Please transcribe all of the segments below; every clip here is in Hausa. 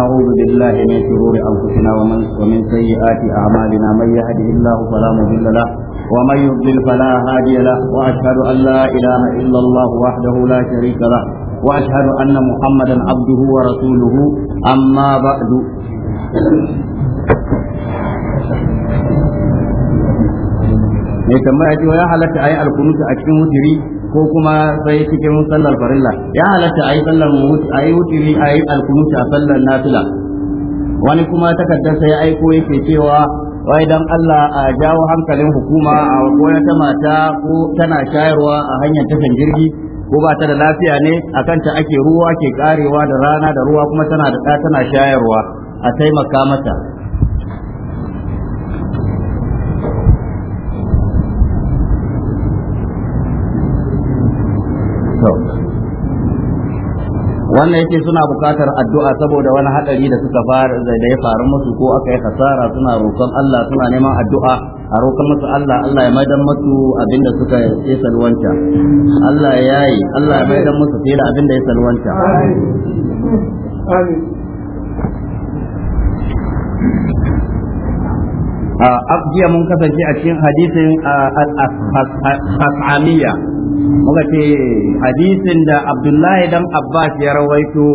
أعوذ بالله من شرور أنفسنا ومن ومن سيئات أعمالنا من يهده الله فلا مضل له ومن يضلل فلا هادي له وأشهد أن لا إله إلا الله وحده لا شريك له وأشهد أن محمدا عبده ورسوله أما بعد mai tambaya cewa ya halatta ayi alkunuta a cikin wutiri ko kuma sai cikin sallar farilla ya halatta ayi sallar ayi wutiri ayi alkunuta a sallar nafila wani kuma takardar sai aiko yake cewa wai dan Allah a jawo hankalin hukuma a wani ta mata ko tana shayarwa a hanyar tashar jirgi ko ba ta da lafiya ne a kanta ake ruwa ke karewa da rana da ruwa kuma tana da tana shayarwa a taimaka mata wannan yake suna bukatar addu'a saboda wani hadari da suka fara da ya faru musu ko aka yi hasara suna roƙon Allah suna neman addu'a a roƙon musu Allah Allah ya maidan musu abinda suka yi salwanta Allah ya yi Allah ya maidan musu fiye da abinda ya salwanta jiya mun kasance a cikin hadisin as'amiya muka ce hadisin da abdullahi dan abbas ya rawaito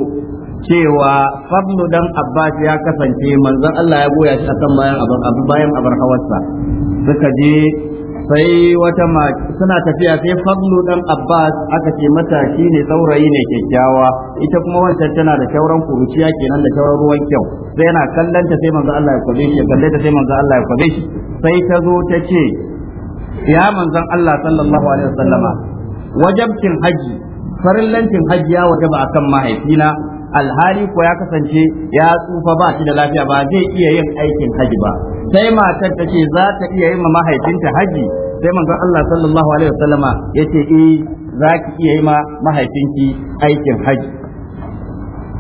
cewa fadlu dan abbas ya kasance manzon allah ya goya shi a kan bayan abin bayan abar hawarsa suka je sai wata suna tafiya sai fadlu dan abbas aka ce mata shi ne saurayi ne kyakkyawa ita kuma wancan tana da kyauran kuruciya kenan da kyauran ruwan kyau sai yana kallon ta sai manzo Allah ya kwabe shi kalle ta sai manzo Allah ya kwabe shi sai ta zo ta ce ya manzon Allah sallallahu alaihi wasallama wajabcin haji farillancin haji ya wajaba akan mahaifina alhali ko ya kasance ya tsufa ba shi da lafiya ba zai iya yin aikin haji ba sai matar ta ce za ta iya yin mahaifinta haji sai manzon Allah sallallahu alaihi wasallama yace eh za ki iya yi ma mahaifinki aikin haji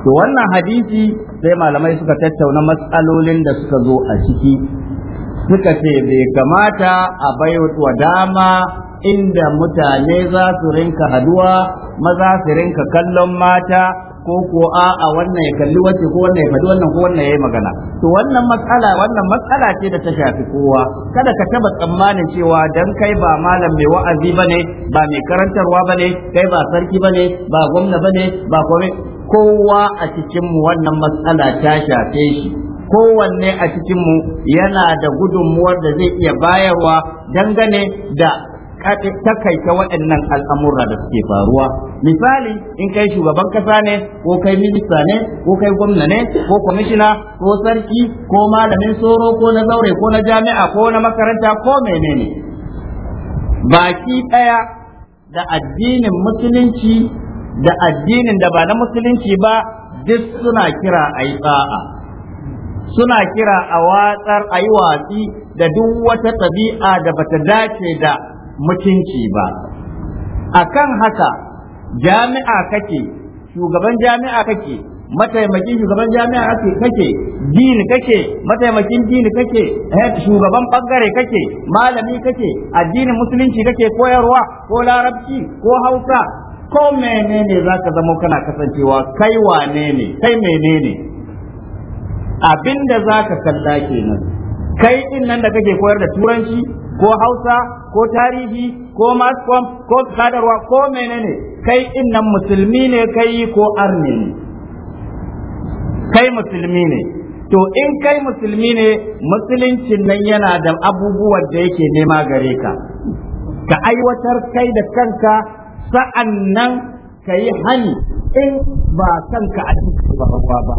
to wannan hadisi sai malamai suka tattauna matsalolin da suka zo a ciki suka ce bai kamata a baiwa dama inda mutane za su rinka haduwa maza su rinka kallon mata ko ko a a wannan ya kalli wacce ko wannan ya kalli wannan ko wannan ya yi magana to wannan matsala wannan matsala ce da ta shafi kowa kada ka taba tsammanin cewa dan kai ba malam mai wa'azi bane ba mai karantarwa bane kai ba sarki bane ba gwamna bane ba komai kowa a cikin wannan matsala ta shafe shi kowanne a cikinmu yana da gudunmuwar da zai iya bayarwa dangane da takaita waɗannan al'amurra da suke faruwa misali in kai shugaban kasa ne ko kai minista ne ko kai gwamna ne ko kwamishina ko sarki ko malamin soro ko na zaure ko na jami'a ko na makaranta ko menene baki ɗaya da addinin musulunci da addinin da ba na musulunci ba duk suna kira a yi tsa'a suna kira a watsar a yi watsi da duk wata ɗabi'a da bata dace da mutunci ba akan haka jami'a kake shugaban jami'a kake mataimakin shugaban jami'a kake kake din kake mataimakin din kake eh, shugaban bangare kake malami kake addinin musulunci kake koyarwa ko larabci ko hausa ko menene zaka zama kana kasancewa kai wane ne kai menene abinda zaka kalla kenan kai din nan da kake koyar da turanci ko hausa ko tarihi ko mascom ko sadarwa ko menene kai innan musulmi ne kai ko arne ne kai musulmi ne to in kai musulmi ne musuluncin nan yana da abubuwan da yake nema gare ka ka aiwatar kai da kanka sa'an nan ka yi hani in ba kanka a cikin ba ba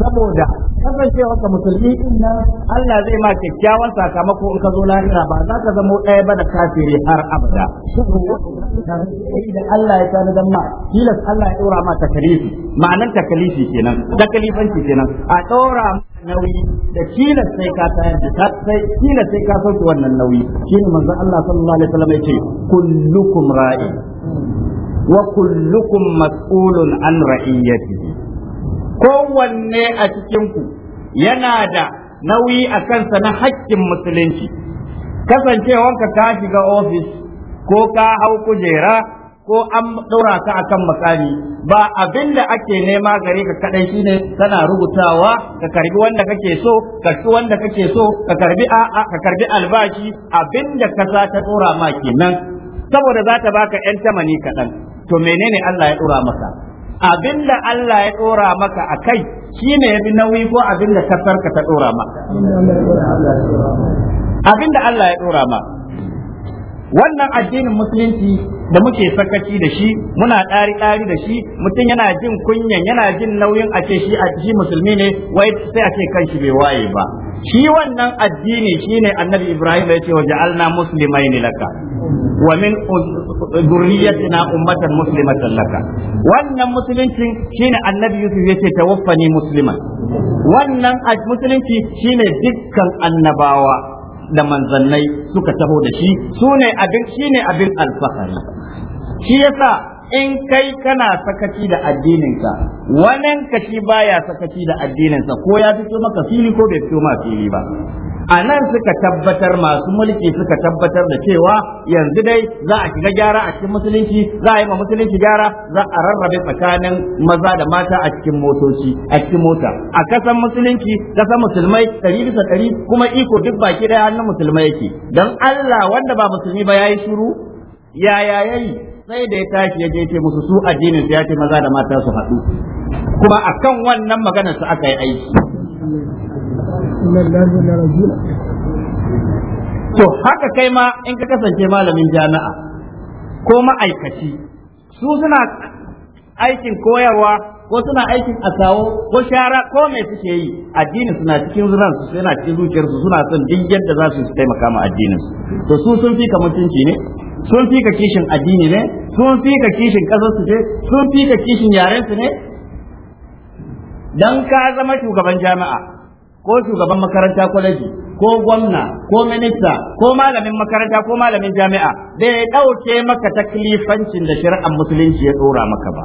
saboda kasancewa ka musulmi din nan Allah zai ma kyakkyawan sakamako in ka zo lahira ba za ka zamo ɗaya ba da kafiri har abada da Allah ya tana dan ma tilas Allah ya dora ma takalifi ma'anan takalifi kenan takalifanci kenan a dora nauyi da kila sai ka tayar da ta sai kila sai ka sauke wannan nauyi shine manzon Allah sallallahu alaihi wasallam yake kullukum ra'i wa kullukum mas'ulun an ra'iyatihi kowanne a cikinku yana da nauyi a kansa na haƙƙin musulunci kasancewanka ka shiga ofis ko ka hau kujera ko an ɗora ka akan makami ba abin da ake nema gare ka shi shine kana rubutawa ka karbi wanda kake so ka ci wanda kake so ka karbi a'a ka karbi albashi abin da ka sa ta ɗora ma kenan saboda za ta baka 'yan tamani kaɗan to menene Allah ya ɗora maka abinda Allah ya ɗora maka a kai shi ne ya yafi nauyi ko abinda kasarka ta dora maka abinda Allah ya ɗora maka wannan addinin musulunci da muke sakaci da shi muna ɗari ɗari da shi mutum yana jin kunyan yana jin nauyin a ce shi shi musulmi ne wai sai a ce kanshi bai waye ba shi wannan addini shine annabi ibrahim ya ce wa ja'alna muslimaini laka wa min dhurriyyatina ummatan muslimatan laka wannan musulunci shine annabi yusuf ya ce tawaffani musliman wannan musulunci shine dukkan annabawa da manzannai suka taho da shi ne abin ne abin alfahari shi yasa in kai kana sakaci da addininka wannan kashi baya sakaci da addininsa ko ya fito maka fili ko bai fito ma fili ba a nan suka tabbatar masu mulki suka tabbatar da cewa yanzu dai za a shiga gyara a cikin musulunci za a yi ma musulunci gyara za a rarrabe tsakanin maza da mata a cikin motoci a cikin mota a kasan musulunci kasan musulmai ɗari bisa ɗari kuma iko duk baki ɗaya hannun musulmai yake don Allah wanda ba musulmi ba ya yayi shiru yaya yayi sai da ya tashi ya je ce musu su addinin su ya ce maza da mata su haɗu kuma akan wannan maganar su aka yi aiki to haka kai ma in ka kasance malamin jami'a ko ma'aikaci su suna aikin koyarwa ko suna aikin asawo ko shara ko mai suke yi addinin suna cikin zuran su suna cikin zuciyar su suna son duk yadda za su taimaka ma addinin su to su sun fi ka mutunci ne sun fi ka kishin addini ne sun fi ka kishin kasar su ne sun fi ka kishin yaren su ne dan ka zama shugaban jami'a ko shugaban makaranta kwalaji ko gwamna ko minista ko malamin makaranta ko malamin jami'a bai ɗauke maka taklifancin da shari'ar musulunci ya ɗora maka ba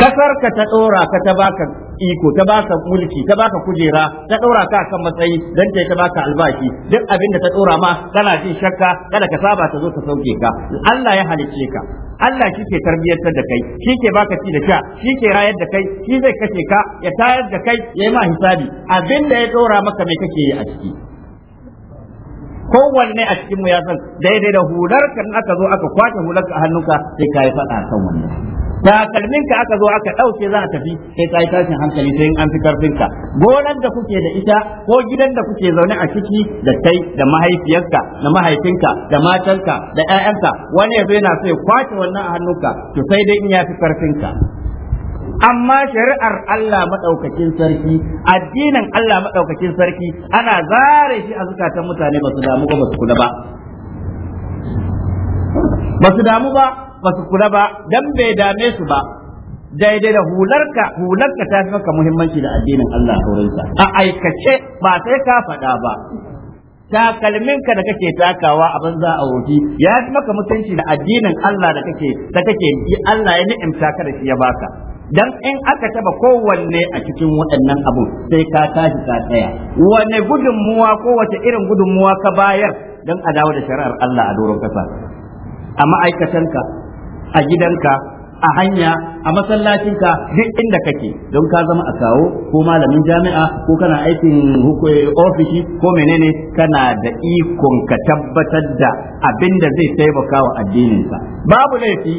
kasar ka ta ɗora ka ta baka iko ta baka mulki ta baka kujera ta ɗora ka kan matsayi dan ta ta baka albashi duk abin da ta ɗora ma kana jin shakka kada ka saba ta zo ka sauke ka Allah ya halicce ka Allah shi ke tarbiyyantar da kai shi ke baka ci da sha shi ke rayar da kai shi zai kashe ka ya tayar da kai ya yi ma hisabi abin da ya ɗora maka mai kake yi a ciki kowanne a cikin mu ya san daidai da hular kan aka zo aka kwace hular ka hannunka sai ka yi faɗa kan wannan takalmin ka aka zo aka ɗauke za a tafi sai ka yi tashin hankali sai an fi karfin gonar da kuke da ita ko gidan da kuke zaune a ciki da kai da mahaifiyarka da mahaifinka da matanka da ƴaƴanka wani yazo yana so ya kwace wannan a hannunka to sai dai in ya fi karfin amma shari'ar Allah madaukakin sarki addinin Allah madaukakin sarki ana zare shi a zukatan mutane ba su damu ba ba su kula ba ba su damu ba ba su kula ba dan bai dame su ba daidai da hularka hularka ta fi maka muhimmanci da addinin Allah sauransa a aikace ba sai ka faɗa ba ka da kake takawa a banza a wofi ya fi maka mutunci da addinin Allah da kake da kake Allah ya ni'imta ka da shi ya baka dan in aka taba kowanne a cikin waɗannan abu sai ka tashi ka tsaya wane gudunmuwa ko wace irin gudunmuwa ka bayar dan a dawo da shari'ar Allah a doron kasa a ka. a gidanka a hanya a masallacinka duk inda kake don ka zama a kawo ko malamin jami'a ko kana aikin eh, ofishi ko menene kana da ikon ka tabbatar da abin da zai taimaka wa addininka babu laifi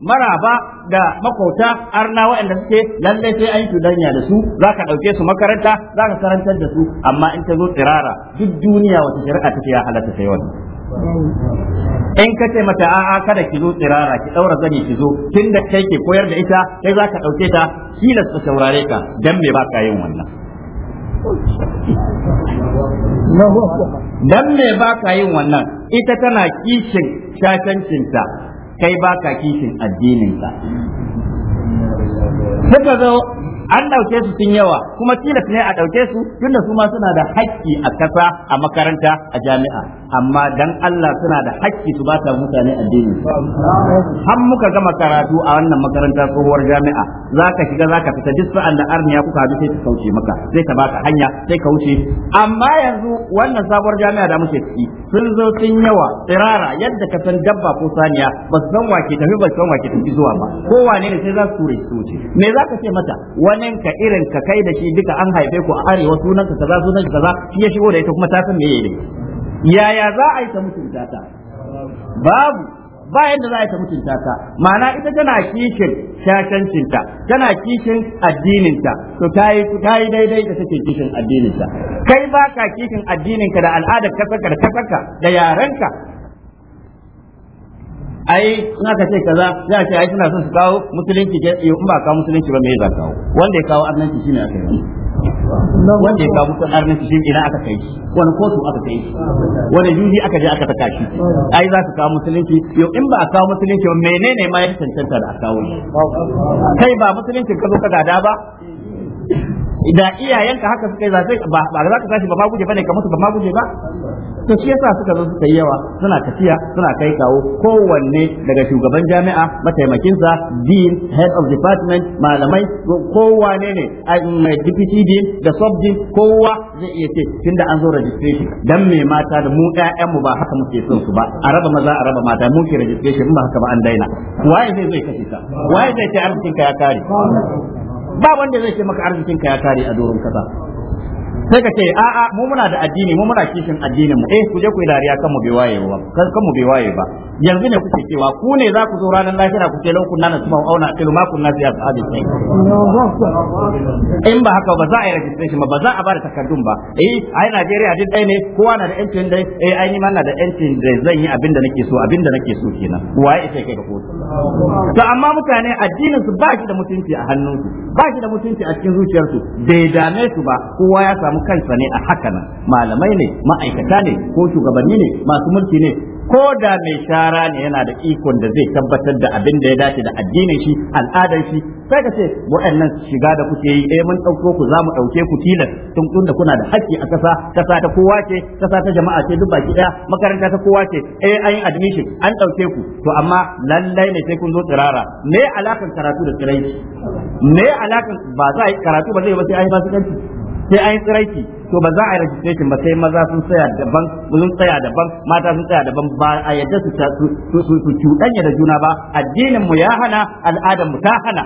maraba da makauta arna waɗanda suke lallai sai an yi tudanya da su za ka ɗauke su makaranta za ka karantar da su amma in ta zo tsirara duk duniya wata shari'a take ya halatta sai wannan in ka ce mata a'a kada ki zo tsirara ki daura zani ki zo tunda kai ke koyar da ita kai ka dauke ta kila su saurare ka dan me baka yin wannan dan me baka yin wannan ita tana kishin ta kai baka kishin addininka suka an ɗauke su sun yawa kuma tilas ne a ɗauke su tunda su ma suna da haƙƙi a kasa a makaranta a jami'a amma dan Allah suna da haƙƙi su ba ta mutane addini har muka gama karatu a wannan makaranta tsohuwar jami'a zaka shiga zaka fita duk sa'an da arniya kuka ka sai ta kauce maka sai ta baka hanya sai ka wuce amma yanzu wannan sabuwar jami'a da muke ciki sun zo sun yawa tsirara yadda ka san dabba ko saniya ba su san wake tafi ba su san wake tafi zuwa ba kowa ne sai za su ture su wuce me zaka ce mata wanin ka irin ka kai da shi duka an haife ku a arewa sunan ka kaza sunan kaza shi ya shigo da ita kuma ta san me ne yaya za a yi ta mutunta ta babu ba yadda za a yi ta mutunta ta ma'ana ita tana kishin ta tana kishin addininta to tayi tayi daidai da take kishin addininta kai ba ka kishin addininka da al'adar kasarka da kasarka da yarenka ai in aka ce kaza za a ce ai suna son su kawo musulunci ke in ba kawo musulunci ba me za kawo wanda ya kawo arnanci shine aka yi wanda ya kawo musulun arnanci shine ina aka kai shi wani kotu aka kai shi wani juji aka je aka taka shi ai za su kawo musulunci yau in ba a kawo musulunci ba menene ma ya cancanta da a kawo kai ba musulunci ka zo ka gada ba da iyayenka haka suka yi zafi ba za ka tashi ba ma guje ba ne ka mutu ba ma guje ba to shi yasa suka zo suka yi yawa suna tafiya suna kai kawo kowanne daga shugaban jami'a mataimakinsa dean head of department malamai kowa ne mai deputy dean da sub dean kowa zai iya ce tunda an zo registration dan me mata da mu ƴaƴan mu ba haka muke son su ba a raba maza a raba mata mu ke registration ba haka ba an daina waye zai zai kashe ka waye zai ce arzikin ka ya kare ba wanda zai ce maka arzikin ka ya kare a doron kasa sai ka ce a'a mu muna da addini mu muna kishin addinin mu eh ku je ku yi dariya kan mu bai waye ba kan mu bai waye ba yanzu ne kuke cewa ku ne za ku zo ranar lahira ku ce lokun nan su mau auna kilu ma kunna siya sahabi sai in ba haka ba za a yi registration ba ba za a ba da takardun ba eh ai Najeriya din dai ne kowa na da yancin dai eh ai ni ma na da yancin dai. zan yi abin da nake so abin da nake so kenan waye sai kai ka kotu to amma mutane addinin su ba shi da mutunci a hannunsu ba shi da mutunci a cikin zuciyarsu bai dame su ba kowa ya samu kansa ne a haka nan malamai ne ma'aikata ne ko shugabanni ne masu mulki ne ko da mai shara ne yana da ikon da zai tabbatar da abin da ya dace da addinin shi al'adar shi sai ka ce waɗannan shiga da kuke yi eh mun ɗauko ku za mu ɗauke ku tilas tun tun da kuna da haƙƙi a ƙasa ƙasa ta kowa ce ƙasa ta jama'a ce duk baki ɗaya makaranta ta kowa ce eh an yi admission an ɗauke ku to amma lallai ne sai kun zo tsirara me alakan karatu da tsirai me alakan ba za a yi karatu ba zai ba sai an yi fasikanci sai an yi tsiraiki to ba za a yi registration ba sai maza sun tsaya daban sun tsaya daban mata sun tsaya daban ba a yadda su su su cuɗanya da juna ba addinin mu ya hana al'adar mu ta hana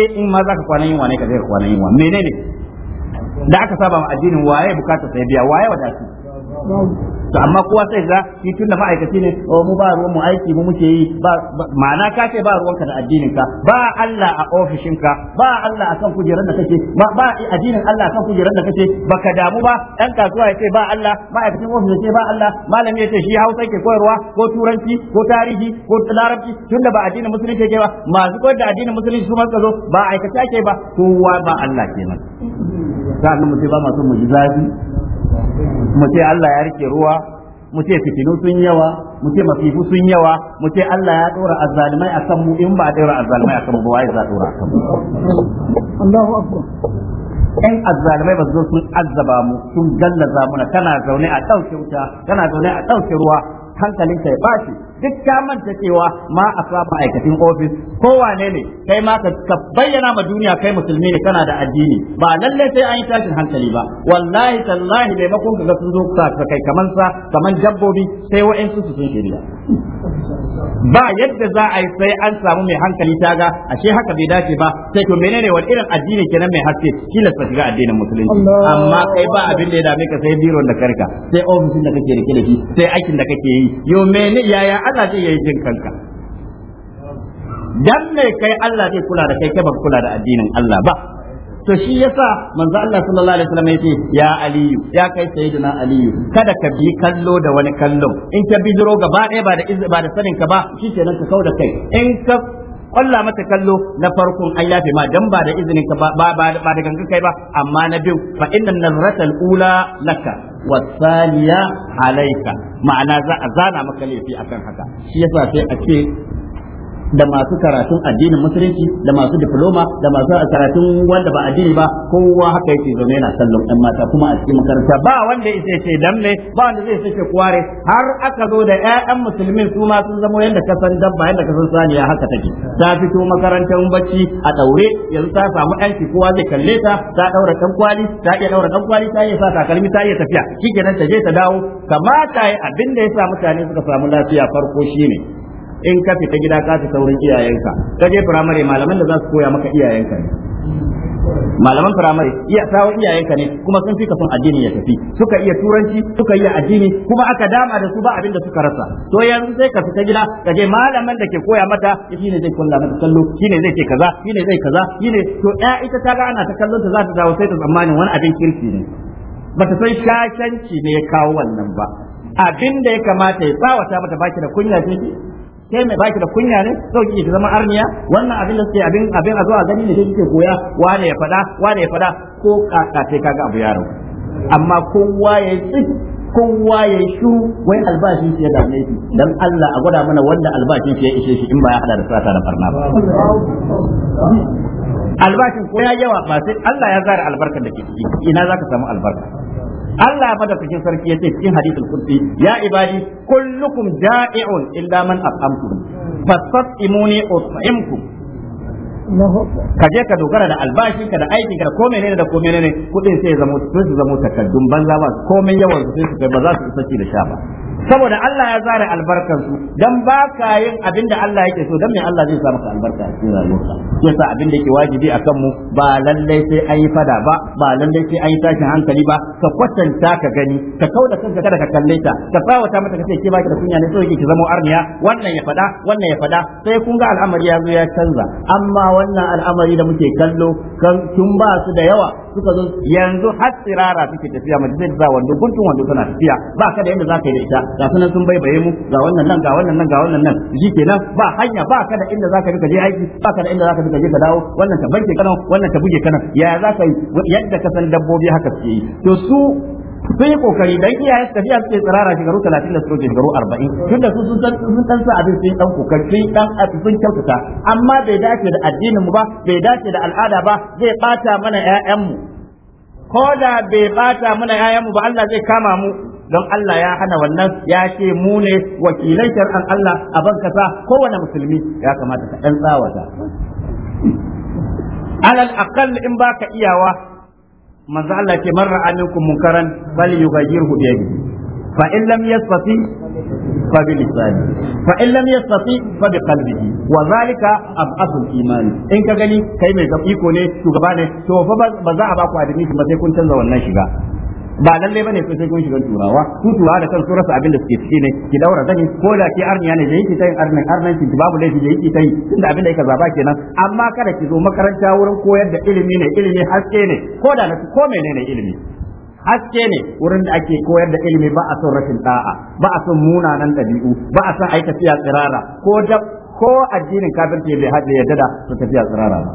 eh in ma za ka kwana yin wane ka zai kwana yin wane menene da aka saba ma addinin waye bukatar sai biya waye wadatu to amma kowa sai ga shi tun da ma'aikaci ne o oh, mu ba ruwan mu aiki mu muke yi ba ma'ana ka ce ba ka da addinin ka ba Allah a ofishin ka ba Allah akan kujeran da kake ba ba addinin Allah akan kujeran da kake baka damu ba dan kasuwa ya ce ba Allah ma'aikacin ofis ya ce ba Allah malami ya ce shi Hausa ke koyarwa ko turanci ko tarihi ko larabci tun da ba addinin musulunci yake ba masu koyar da addinin musulunci su ma zo ba aikace ke ba kowa ba Allah kenan mu ce, ba masu zafi. mu ce Allah ya rike ruwa mu ce fitinu sun yawa mu ce mafifu sun yawa mu ce Allah ya dora azzalimai akan mu in ba a dora azzalimai akan mu ba wai za a dora akan mu Allahu akbar in azzalimai ba su zo sun azzaba mu sun gallaza mu kana zaune a ɗauke wuta kana zaune a ɗauke ruwa hankalin ya bashi duk ka manta cewa ma a sa aikatin ofis ko wane ne kai ma ka bayyana ma duniya kai musulmi ne kana da addini ba lalle sai an yi tashin hankali ba wallahi tallahi makon ga sun zo sa kai kaman sa kaman dabbobi sai wa'ansu su sun shirya ba yadda za a yi sai an samu mai hankali ta ga ashe haka bai dace ba sai to menene wani irin addini kenan mai haske tilasta shiga addinin musulunci amma kai ba abin da ya dame ka sai biro da karka sai ofisin da kake da shi sai aikin da kake yi yo mene yaya Allah zai yi jin kanka dan me kai Allah zai kula da kai kai ba kula da addinin Allah ba to shi yasa manzo Allah sallallahu alaihi wasallam yace ya aliyu ya kai sayyidina aliyu kada ka bi kallo da wani kallo in ka bi duro gaba ɗaya ba da ba da sanin ka ba shikenan ka kauda kai in ka kwalla mata kallo na farkon an ma dan ba da izinin ka ba ba da gangan kai ba amma na biyu fa inna nazratal ula laka wasaniya alaika ma'ana za a zana maka laifi akan haka shi yasa sai a ce da masu karatun addinin musulunci da masu diploma da masu karatun wanda ba addini ba kowa haka yake zaune yana sallon ɗan mata kuma a cikin makaranta ba wanda ya ce dan ne ba wanda zai sace kware har aka zo da ƴaƴan musulmin su ma sun zamo yanda kasan dabba yanda kasan saniya haka take ta fito makarantar bacci a daure yanzu ta samu ɗanki kowa zai kalle ta ta daura dan kwali ta iya daura ɗan kwali ta iya sa takalmi ta iya tafiya shikenan ta je ta dawo kamata ya abinda ya sa mutane suka samu lafiya farko shine in ka fita gida ka ta saurin iyayenka ka je firamare malaman da za su koya maka iyayenka ne malaman firamare iya tawo iyayenka ne kuma sun fi kafin addini ya tafi suka iya turanci suka iya addini kuma aka dama da su ba abin da suka rasa to yanzu sai ka fita gida ka je malaman da ke koya mata shi ne zai kulla mata kallo ne zai ce kaza ne zai kaza shi ne. to ya ita ta ga ana ta kallon ta za ta dawo sai ta tsammanin wani abin kirki ne Ba ta san shashanci ne ya kawo wannan ba abin da ya kamata ya tsawata mata baki da kunya ce ke mai baki da kunya ne sau kike zama arniya wannan abin da suke abin abin a zuwa gani ne kike koya wane ya fada wane ya fada ko kaka sai kaga abu yaro amma kowa ya yi kowa ya yi shu wai albashin shi ya dame shi dan Allah a gwada mana wanda albashin shi ya ishe shi in ba ya hada da sata da farna ba albashin ko ya yawa ba sai Allah ya zara albarkar da ke ciki ina zaka samu albarka Allah cikin sarki yace cikin hadisul kursi ya ibadi kullukum ja'i'un illa man at'amtum fastat'imuni ut'imkum ka je ka dogara da albashi ka da aikin ka da komai ne da komai ne kudin sai sai su zamo takaddun banza ba komai yawan su sai su kai ba za su saki da sha ba saboda Allah ya zare albarkar su dan ba ka yin abin da Allah yake so dan me Allah zai sa maka albarka a cikin rayuwarka yasa abin da yake wajibi akan mu ba lallai sai an yi fada ba ba lallai sai an yi tashin hankali ba ka kwatanta ka gani ka kauda kanka kada ka kalle ta ka tsawata mata ce ke baki da kunya ne so yake ki zama arniya wannan ya fada wannan ya fada sai kun ga al'amari ya zo ya canza amma wannan al'amari da muke kallo kan tun ba su da yawa suka zo yanzu har tsirara suke tafiya mace sai za wando guntun wando tana tafiya ba ka da yadda za ka yi da ita ga sunan sun baibaye mu ga wannan nan ga wannan nan ga wannan nan ji kenan ba hanya ba ka da inda za ka je aiki ba ka da inda za ka je ka dawo wannan ta banke kana wannan ta buge kana ya za ka yi yadda ka san dabbobi haka suke yi to su sun yi kokari dan iyayen suka suke tsirara shekaru talatin da suke shekaru 40 tunda su sun sun dan sa abin sun dan kokari sun dan eh, sun kyautata amma bai dace da addinin mu ba bai dace da al'ada ba zai bata mana ƴaƴan mu ko da bai bata mana ƴaƴan mu ba Allah zai kama mu don Allah ya hana wannan ya ce mu ne wakilai shar'an Allah a bankasa kowane musulmi ya kamata ka dan tsawata alal aqall in baka iyawa manzo Allah ce man ra'a minkum munkaran bal yughayyirhu bi yadihi fa in lam yastati fa bi lisani fa in lam yastati fa bi qalbihi wa zalika ab'asu iman in ka gani kai mai gabi ko ne shugaba ne to fa ba za a ba ku adimi ba sai kun canza wannan shiga ba lalle bane so sai kun shiga turawa su turawa da kansu rasa abin da suke ciki ne ki daura ni ko da ke arniya ne da yake tayin arnin arnin ki babu laifi da yake tayi tunda abin da yake zaba kenan amma kada ki zo makaranta wurin koyar da ilimi ne ilimi haske ne ko da na ko menene ilimi haske ne wurin da ake koyar da ilimi ba a son rashin da'a ba a son munanan dabi'u ba a son aika tafiya tsirara ko da ko addinin kafirci bai hadda yadda da su tafiya tsirara ba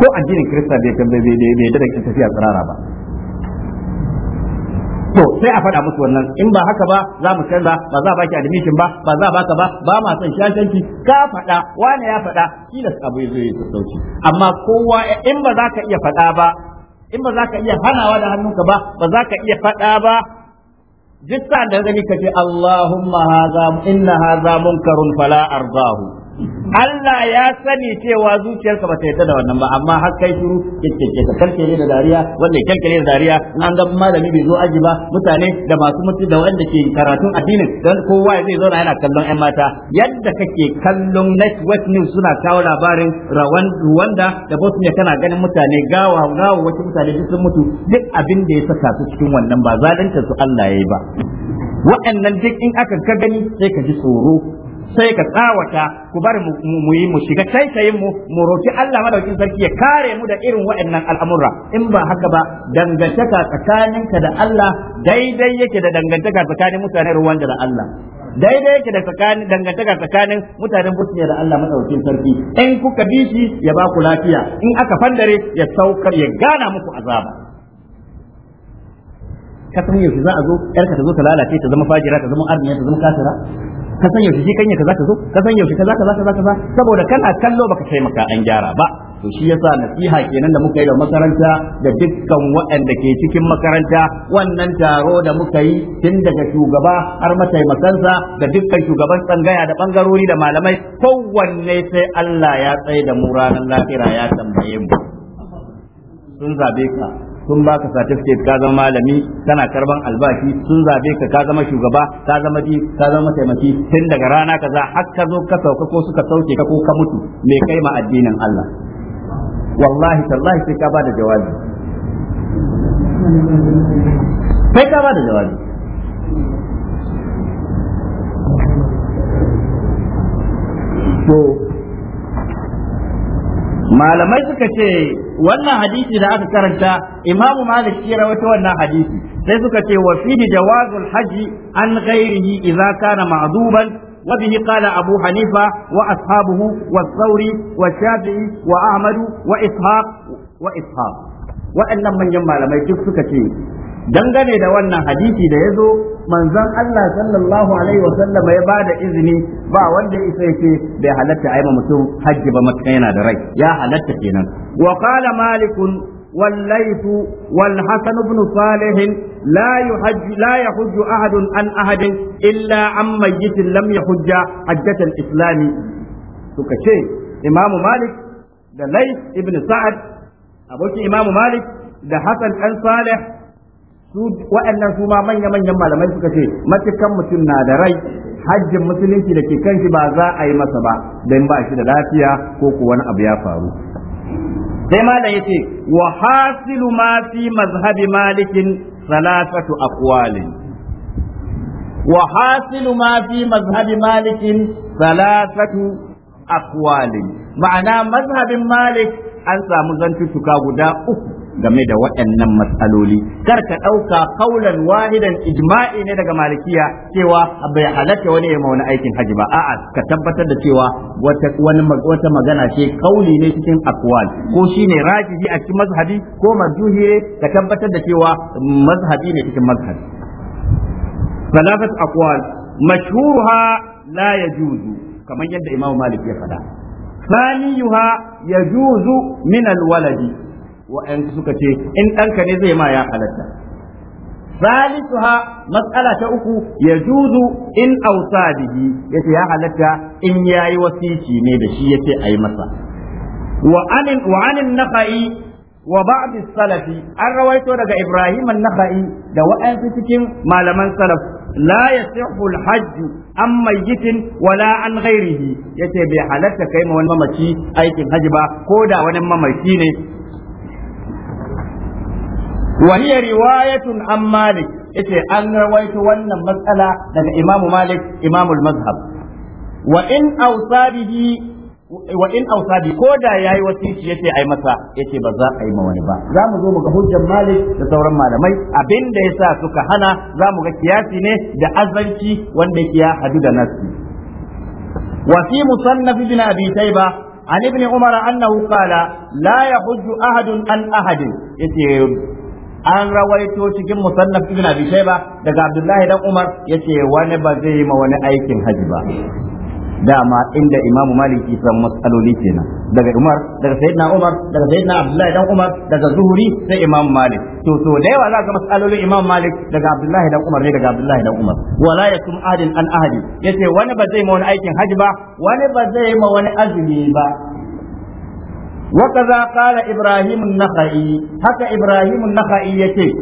ko addinin kirista bai bai bai da tafiya tsirara ba to sai a faɗa musu wannan in ba haka ba za mu canza ba za baki admission ba ba za baka ba ba ma son shashanki ka faɗa wani ya faɗa tilas abu ya zo ya sauki amma kowa in ba za ka iya faɗa ba in ba za ka iya hanawa da hannunka ba ba za ka iya faɗa ba duk sa'an da gani ka ce Allahumma haza inna hadha munkarun fala ardahu Allah ya sani cewa zuciyarka ba ta yarda da wannan ba amma har kai shiru kike ka kalkele da dariya wanda kalkele da dariya an ga malami bai zo aji ba mutane da masu mutu da wanda ke karatun addinin dan kowa zai zauna yana kallon ƴan mata yadda kake kallon net west news suna kawo labarin rawan Rwanda da Bosnia kana ganin mutane gawa gawa wasu mutane duk sun mutu duk abin da ya saka su cikin wannan ba zalunta su Allah yayi ba waɗannan duk in aka ka gani sai ka ji tsoro sai ka tsawata ku bar mu yi mu shiga taitayin mu mu roki Allah madaukin sarki ya kare mu da irin waɗannan al'amura in ba haka ba dangantaka tsakaninka da Allah daidai yake da dangantaka tsakanin mutanen Rwanda da Allah daidai yake da tsakanin dangantaka tsakanin mutanen Bosnia da Allah madaukin sarki in kuka bi shi ya ba ku lafiya in aka fandare ya saukar ya gana muku azaba ka san yaushe za a zo yarka ta zo ta lalace ta zama fajira ta zama arniya ta zama kafira ka san yaushe shi kanya yaka ta zo ka san yaushe kaza kaza kaza saboda kana kallo baka taimaka an gyara ba to shi yasa nasiha kenan da muka yi da makaranta da dukkan waɗanda ke cikin makaranta wannan taro da muka yi tun daga shugaba har mataimakansa da dukkan shugaban tsangaya da bangarori da malamai kowanne sai Allah ya tsaye da mu ranar lafira ya tambaye mu sun zabe ka sun ba ka certificate ka zama malami kana karban albashi sun zabe ka ka zama shugaba ka zama ji ka zama taimaki tun daga rana kaza har ka zo ka sauka ko suka sauke ka ko ka mutu me kai ma addinin Allah wallahi tallahi sai ka bada jawabi sai ka bada jawabi to malamai suka ce wannan hadisi da aka karanta imamu malik shi rawaito wannan hadisi sai suka ce wa fihi jawazul haji an ghairihi idza kana ma'duban wa bihi qala abu hanifa wa ashabuhu wa thawri wa shafi'i wa ahmad wa ishaq wa ishaq manyan malamai duk suka ce dangane da wannan hadisi da ya zo manzon Allah sallallahu alaihi wa sallama ya ba da izini ba wanda ya sai ce bai halatta aima mutum hajji ba maka yana da rai ya halatta kenan wa qala malikun والليث والحسن بن la لا يحج لا يحج أحد عن أحد إلا عن ميت لم يحج حجة الإسلام سكشي إمام malik da Lais ibn Sa'ad abokin Imam Malik da Hassan ɗan Saleh su waɗannan su ma manya-manyan malamai suka ce matukan mutum na da rai hajjin musulunci da ke kanshi ba za a yi masa ba don ba shi da lafiya ko ko wani abu ya faru sai malam yace wa hasilu ma fi mazhabi malikin salasatu aqwalin wa hasilu ma fi mazhabi malikin salasatu aqwalin ma'ana mazhabin malik an samu zantuttuka guda uku game da waɗannan matsaloli kar ka ɗauka kaulan wahidan ijma'i ne daga malikiya cewa bai halatta wani ya wani aikin haji ba a'a ka tabbatar da cewa wata magana ce kauli ne cikin akwal ko shine rajihi a cikin mazhabi ko marjuhi ne ka tabbatar da cewa mazhabi ne cikin mazhabi ثلاثة mashhurha la لا kamar yadda imamu إمام ya faɗa ثانيها يجوز من الولد wa'yansu suka ce in ɗanka ne zai ma ya halatta. ha matsala ta uku ya juzu in ausa bihi ya ya halatta in ya yi wasici ne da shi ya ce a masa. Wa'anin naka'i wa Babu salafi an rawaito daga Ibrahim Nafai da wa'yansu cikin malaman salaf la ya hajj an mayyitin wala an ghairihi yace bai halarta kai ma wani mamaci aikin hajji ba ko da wani mamaci ne wa hiya riwayatun an malik yace an rawaito wannan matsala daga imam malik imamul mazhab wa in awsa bihi wa in ausabi ko da yayi wasiki yace ai masa yace ba za a yi ma wani ba za mu zo mu ga hujjar malik da sauran malamai abinda sa suka hana za mu ga kiyasi ne da azanci wanda yake ya hadu da nasi wa fi musannaf ibn abi tayba an ibn umar annahu qala la ya yahujju ahadun an ahadin yace an rawaito cikin musannaf ibn abi shayba daga abdullahi dan umar yace wani ba zai ma wani aikin haji ba dama inda imamu maliki san matsaloli kenan daga umar daga sayyidina umar daga sayyidina abdullahi dan umar daga zuhuri sai imamu malik to to da yawa za ka matsalolin imam malik daga abdullahi dan umar ne daga abdullahi dan umar wala yakum adin an ahadi yace wani ba zai ma wani aikin haji ba wani ba zai ma wani azumi ba وكذا قال إبراهيم النخعي حتى إبراهيم النخعي يتي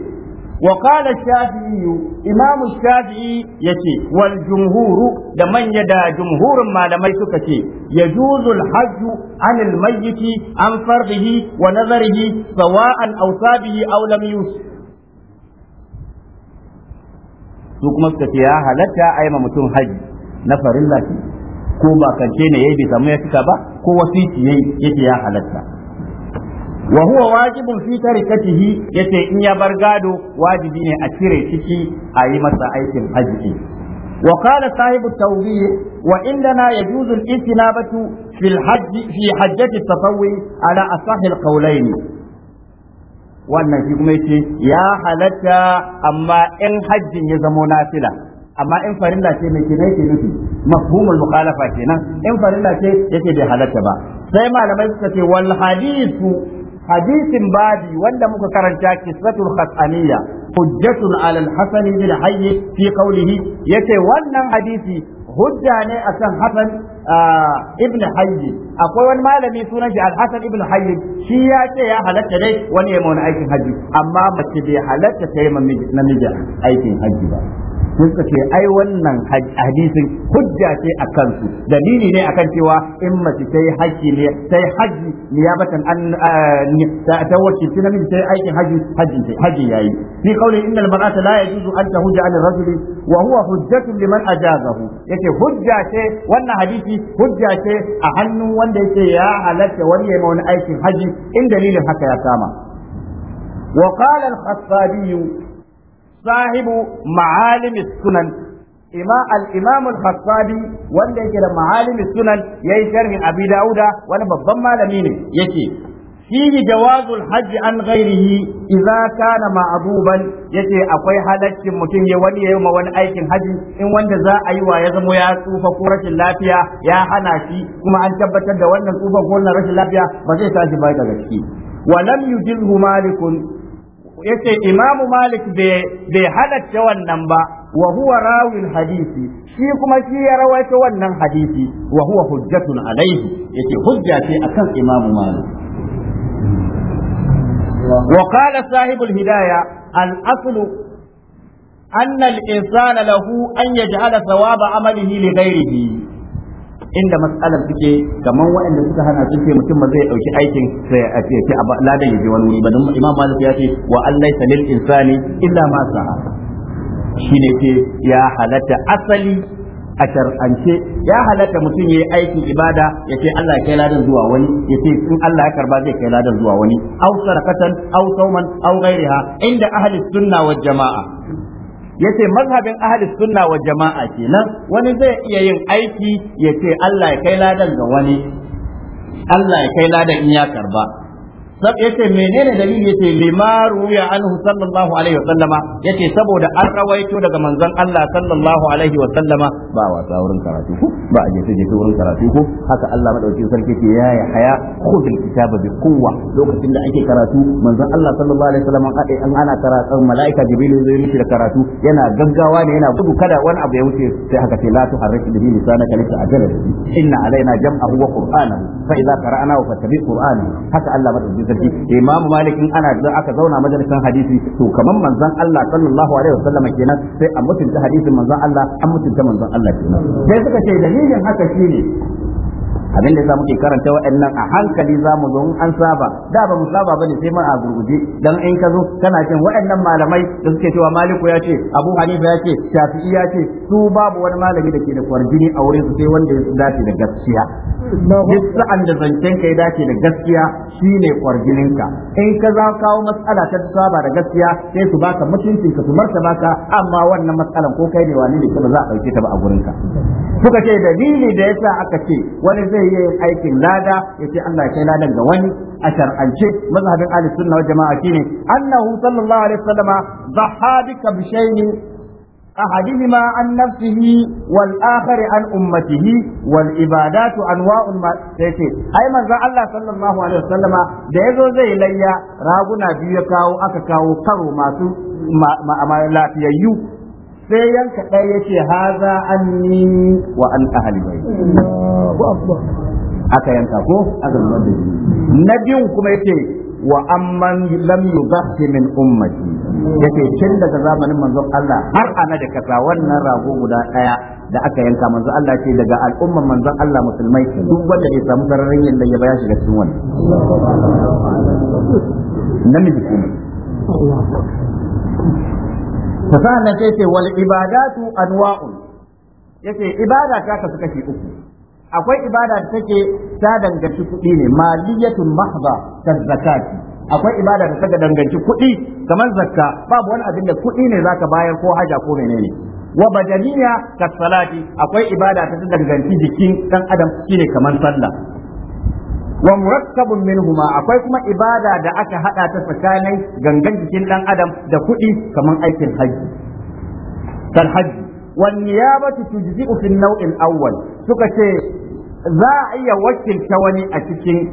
وقال الشافعي إمام الشافعي يتي والجمهور دمن يدا جمهور ما لم يسكتي يجوز الحج عن الميت عن فرضه ونظره سواء أوصى صابه أو لم يوصي su kuma هلتا ce متون حج نفر الله mutum ko ba kance ne yayi bai samu ya cika ba ko wasiti yayi yake ya halatta wa huwa wajibun fi tarikatihi yace in ya bar gado wajibi ne a cire ciki a yi masa aikin haji وقال صاحب التوبية وإننا يجوز الاستنابة في الحج في حجة التطوع على أصح القولين wannan shi kuma yace ya halatta amma in hajjin ya zamo nafila amma in farilla ce mai kenan yake nufi mafhumul mukhalafa kenan in farilla ce yake bai halatta ba sai malamai suka ce wal hadithu hadisin babi wanda muka karanta kisratul khasaniyya hujjatun ala al-hasan bin hayy fi qawlihi yace wannan hadisi hujja ne akan hasan ah, ibn hayy akwai wani malami sunan shi al-hasan ibn hayy shi ya ce ya halatta dai wani ya mauna aikin haji amma mace bai halatta ta yi namiji aikin haji ba sai ce ai wannan hadisin hujja ce a kansu dalili ne akan cewa in mace ta yi haji ne ta yi haji niyabatan an ta wakilci namiji ta yi aikin haji haji haji yayi fi qawli innal mar'ata la yajuzu an tahujja 'ala ar-rajuli wa huwa hujjatun liman ajazahu yake hujja ce wannan hadisi hujja ce a hannun wanda yake ya halatta wani yayi wani aikin haji in dalilin haka ya kama وقال الخطابي sahibu ma'alimis sunan الإمام الخطابي وانده كده معالم السنن يشرح أبي داود وانا ببما لمينه يكي فيه جواز الحج عن غيره إذا كان معذوبا يتي أقوي حالك متين يواني يوم وان أيكن حج إن وان ذا أيوة يزم يا سوف كورة اللافية يا حناشي كما أن تبتد وان سوف كورة رش اللافية فزي تاجي بايدا غشكي ولم يجله مالك yace imamu malik bai halatta wannan ba wa huwa rawin hadisi shi kuma shi ya rawaita wannan hadisi wa huwa hujjatun alaihi yace hujja ce akan imamu malik wa qala sahibul hidaya al aslu anna al insana lahu an yaj'ala thawaba amalihi li ghayrihi inda matsalar suke kamar waɗanda suka hana su ce mutum ba zai dauki aikin sai a ce ce ladan yaje wani wuri ba imam malik ya ce wa allaisa lil insani illa ma sa'a ne ce ya halatta asali a shar'ance ya halatta mutum ya yi aikin ibada ya ce Allah ya kai ladan zuwa wani ya ce in Allah ya karba zai kai ladan zuwa wani au sarakatan au sauman au ghairiha inda ahli sunna jama'a yace mazhabin ahli sunna wa jama'a kenan wani zai iya yin aiki yace Allah ya kai ladan ga wani Allah ya kai ladan in ya karba sab yace menene dalili yace lima ruya anhu sallallahu alaihi wa sallama yace saboda an rawaito daga manzon Allah sallallahu alaihi wa sallama ba wasa wurin karatu ko ba a jefe jefe wurin karatu ko haka Allah madaukakin sarki ce ya ya haya khudh alkitaba bi quwwa lokacin da ake karatu manzon Allah sallallahu alaihi wa sallama an ana karatu malaika jibril zai miki da karatu yana gaggawa ne yana gudu kada wani abu ya wuce sai haka ce la tuharrik bihi lisanaka lita ajala inna alaina jam'ahu wa qur'anahu fa idza wa fattabi' qur'anahu haka Allah madaukakin sarki imamu malik in ana da aka zauna majalisan hadisi to kamar manzon Allah sallallahu alaihi wasallam kenan sai a mutunta hadisin manzon Allah an mutunta manzon Allah kenan sai suka ce dalilin haka shine abin da muke karanta waɗannan a hankali za mu zo an saba da ba mu saba ba ne sai mun a gurguje dan in ka zo kana jin waɗannan malamai da suke cewa maliku ya ce abu hanifa ya ce shafi'i ya ce su babu wani malami da ke da kwarjini a wurin su sai wanda ya dace da gaskiya duk sa'an da zancen ka ya dace da gaskiya shine kwarjinin ka in ka za kawo matsala ta saba da gaskiya sai su baka mutuncin ka su martaba ka amma wannan matsalan ko kai ne wani ne ba za a ɗauke ta ba a gurin ka suka ce dalili da yasa aka ce wani zai zai iya yin aikin lada ya ce Allah ya kai ladan ga wani a shar'ance mazhabin ahli sunna wal jama'a shine annahu sallallahu alaihi wasallam dhaha bika bi shay'in an عن نفسه والآخر عن أمته والعبادات أنواع ما سيتي أي من الله صلى الله عليه وسلم ديزو زي ليا راغنا بيكاو أكاو كرو ماسو ما ما لا تيجيو sai yanka ɗaya yace haza ni wa an ahli bayt aka yanka ko aka zubar da jini na biyun kuma yace wa amman lam yuzakki min ummati yace tun daga zamanin manzon Allah har ana da kasa wannan rago guda ɗaya da aka yanka manzo Allah ce daga al'umman manzon Allah musulmai duk wanda bai samu sararin yadda ya baya shiga cikin wannan namiji kuma to sa'an nan sai ce wal ibadatu anwa'un yace ibada ta kasu kashi uku akwai ibada da take ta danganci kuɗi ne maliyatun mahdha kan zakati akwai ibada da take danganci kuɗi kamar zakka babu wani abin da kuɗi ne zaka bayar ko haja ko menene wa badaniya ka salati akwai ibada ta danganci jikin dan adam shine kamar sallah wa murakkabun minhuma akwai kuma ibada da aka hada ta tsakanin gangan jikin dan adam da kuɗi kaman aikin haji kal haji wal niyabatu tujzi'u fi an awwal suka ce za a iya wakilta wani a cikin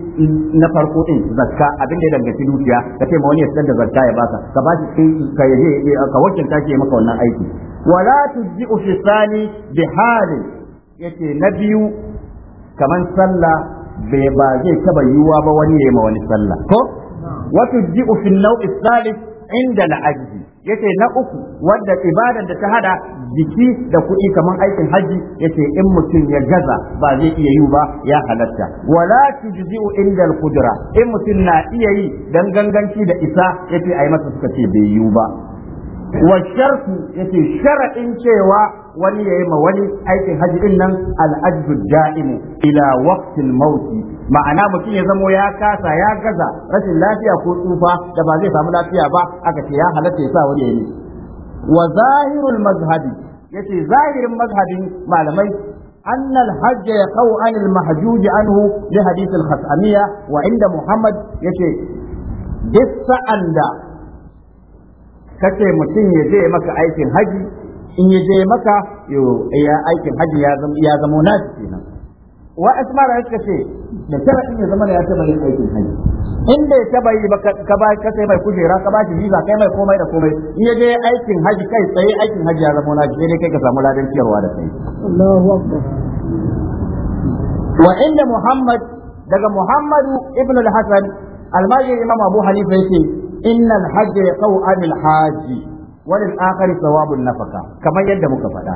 na farko din zakka abin da ya danganci dukiya ka ma wani ya san da zakka ya baka ka ba shi ka yaje ka wakilta shi maka wannan aiki wala tujzi'u fi thani bi hali yace na biyu kamar sallah bai ba zai taba yiwuwa ba wani ya ma wani sallah ko wato ji'u fil nau'i salis inda la'aji yace na uku wadda ibadar da ta hada jiki da kuɗi kamar aikin haji yace in mutum ya gaza ba zai iya yi ba ya halatta wala tujzi'u inda al-qudra in mutum na iya yi dan ganganci da isa yace ai masa suka ce bai yi ba wa shartu yace shar'in cewa wani ya yi ma wani aikin haji din nan al-ajru da'imu ila waqtil mauti ma'ana mutum ya zamo ya kasa ya gaza rashin lafiya ko tsufa da ba zai samu lafiya ba a ce ya halatta ya sa wani yayi wa zahirul mazhabi yace zahirin mazhabin malamai hajja ya الحج يقع عن المحجوج عنه hadisin الخسأمية وعند محمد يتي duk sa'an da kace mutum ya je maka aikin haji in ya je maka yo eh, ya aikin haji ya zama ya zama nashi kenan wa asma da suka ce da sharadin ya zama ya taba yin aikin haji in bai taba yi ba ka ba ka sai mai kujera ka ba shi visa kai mai komai da komai in ya je aikin haji kai tsaye aikin haji ya zama nashi sai kai ka samu ladan ciyarwa da kai Allahu akbar wa inda Muhammad daga Muhammadu ibn al-Hasan almajiri Imam Abu Hanifa yake inna ya hajj yaqau anil haji wal akhir thawabu nafaka kamar yadda muka faɗa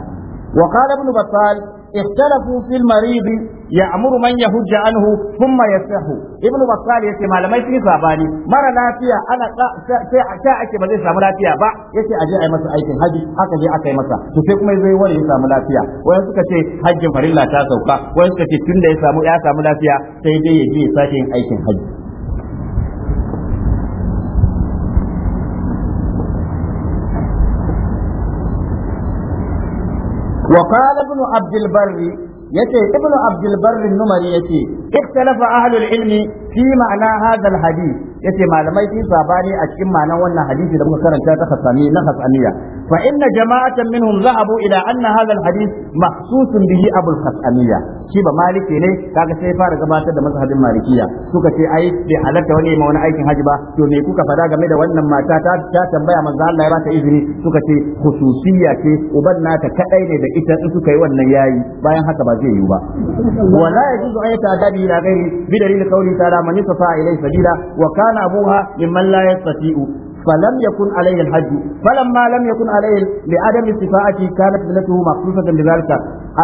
wa qala ibn battal اختلفوا في المريض يأمر من يهج عنه ثم يصح ابن بطال malamai sun sabani mara lafiya ana ta ake ba zai samu lafiya ba yace aje ai masa aikin haji haka je aka yi masa to sai kuma zai wani ya samu lafiya wai suka ce hajjin farilla ta sauka wai suka ce tunda ya samu ya samu lafiya sai dai ya je ya sake yin aikin haji وقال ابن عبد البر يتي ابن عبد البر النمر يتي اختلف اهل العلم fi ma'ana hadal hadith yace malamai sun sabani a cikin ma'anar wannan hadisi da muka karanta ta khasami na khasaniya fa inna jama'atan minhum zahabu ila anna hadal hadith mahsusun bihi abul khasaniya shi ba maliki ne kaga sai fara gabatar da mazhabin malikiya suka ce ai bai halatta wani ma wani aikin haji ba to me kuka fada game da wannan mata ta ta tambaya manzo Allah ya bata izini suka ce khususiyya ce uban nata kaɗai ne da ita in suka yi wannan yayi bayan haka ba zai yiwu ba wala yajuzu ayata dabi ila ghairi bi dalil qawli ta'ala من استطاع إليه سبيلا وكان أبوها ممن لا يستطيع فلم يكن عليه الحج فلما لم يكن عليه لعدم استطاعته كانت ذلته مخصوصة بذلك